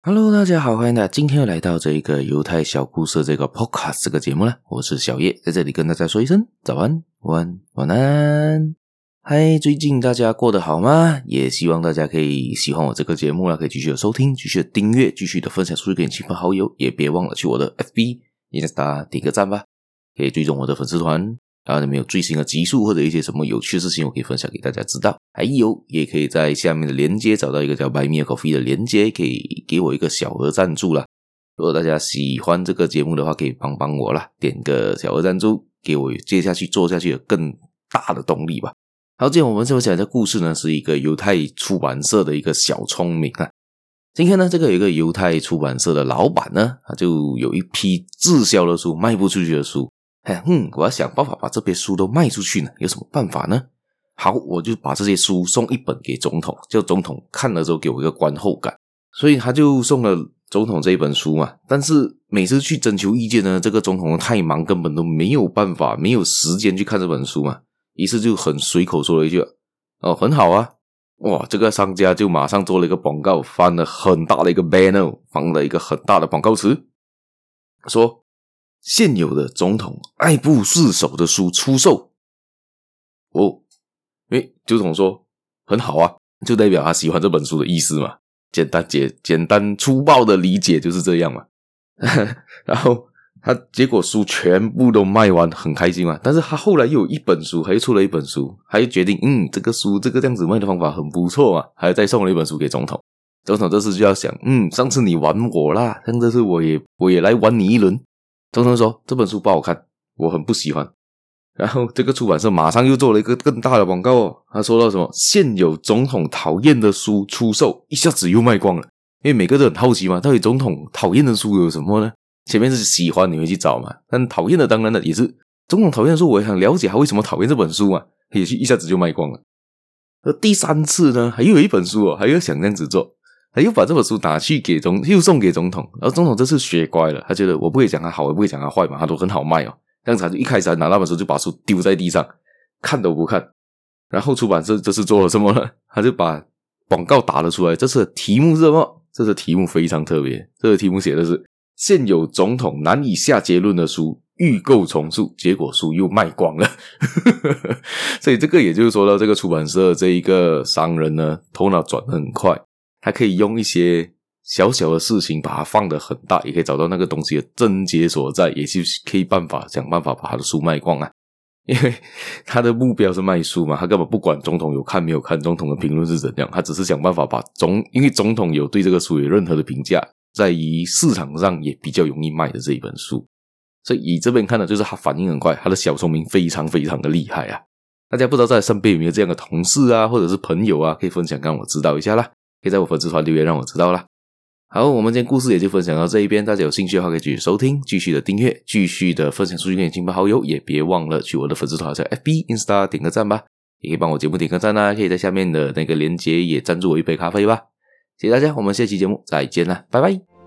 哈嘍，Hello, 大家好，歡迎大家今天又來到這個猶太小故事這個 Podcast 這個節目了。我是小葉，在這裡跟大家說一聲早安、晚安、晚安。嗨，最近大家過得好嗎？也希望大家可以喜歡我這個節目啦，可以繼續的收聽，繼續的訂閱，繼續的分享出去給親朋好友，也別忘了去我的 FB、Instagram 點個讚吧，可以追蹤我的粉絲團。然後你們有最新的集數或者一些什麼有趣的事情，我可以分享給大家知道。還有，也可以在下面的連接找到一個叫 Buy Me a Coffee 的連接，可以給我一個小額贊助啦。如果大家喜歡這個節目的話，可以幫幫我啦，點個小額贊助，給我接下去做下去有更大的動力吧。好，今天我們所講的故事呢，是一個猶太出版社的一個小聰明啊。今天呢，這個有一個猶太出版社的老闆呢，他就有一批滯銷的書，賣不出去的書。嘿、哎，嗯，我要想辦法把這批書都賣出去呢，有什麼辦法呢？好，我就把這些書送一本給總統，叫總統看了之後給我一個觀後感。所以他就送了總統這一本書嘛。但是每次去徵求意見呢，這個總統太忙，根本都沒有辦法，沒有時間去看這本書嘛。於是就很隨口說了一句了：“哦，很好啊。”哇，這個商家就馬上做了一個廣告，翻了很大的一個 banner，放了一個很大的廣告詞，說。現有的總統愛不釋手的書出售，哦，哎、欸，就總統說很好啊，就代表他喜歡這本書的意思嘛，簡單簡簡單粗暴的理解就是這樣嘛。 然後他結果書全部都賣完，很開心嘛。但是他後來又有一本書，還又出了一本書，還決定嗯，這個書這個這樣子賣的方法很不錯嘛，還再送了一本書給總統。總統這次就要想，嗯，上次你玩我啦，但這次我也我也來玩你一輪。總統說這本書不好看，我很不喜歡。然後這個出版社馬上又做了一個更大的廣告，哦，他說到什麼“現有總統討厭的書出售”，一下子又賣光了。因為每個人都很好奇嘛，到底總統討厭的書有什麼呢？前面是喜歡，你會去找嘛？但討厭的當然了，也是總統討厭的書，我想了解他為什麼討厭這本書嘛，也是一下子就賣光了。那第三次呢，還又有一本書哦，還要想這樣子做。他又把這本書拿去給總，又送給總統。然後總統這次學乖了，他覺得我不會講他好，我不會講他壞嘛，他都很好賣哦。這樣子，一開始拿到那本書就把書丟在地上，看都不看。然後出版社這次做了什麼呢？他就把廣告打了出來。這次的題目是什麼？這次題目非常特別，這個題目寫的是：現有總統難以下結論的書，欲購從速，結果書又賣光了。呵呵呵。所以這個也就是說到這個出版社的這一個商人呢，頭腦轉得很快。?他可以用一些小小的事情把它放得很大，也可以找到那個東西的症結所在，也就是可以辦法想辦法把他的書賣光啊。因為他的目標是賣書嘛，他根本不管總統有看沒有看，總統的評論是怎樣，他只是想辦法把總，因為總統有對這個書有任何的評價，在於市場上也比較容易賣的這一本書。所以以這邊看呢，就是他反應很快，他的小聰明非常非常的厲害啊！大家不知道在身邊有沒有這樣的同事啊，或者是朋友啊，可以分享跟我知道一下啦。可以在我粉絲團留言讓我知道啦。好，我們今天故事也就分享到這一邊，大家有興趣的話可以繼續收聽，繼續的訂閱，繼續的分享出去給親朋好友，也別忘了去我的粉絲團叫 FB、Insta 點個贊吧，也可以幫我節目點個贊啦，啊，可以在下面的那個鏈接也贊助我一杯咖啡吧。謝謝大家，我們下期節目再見啦，拜拜。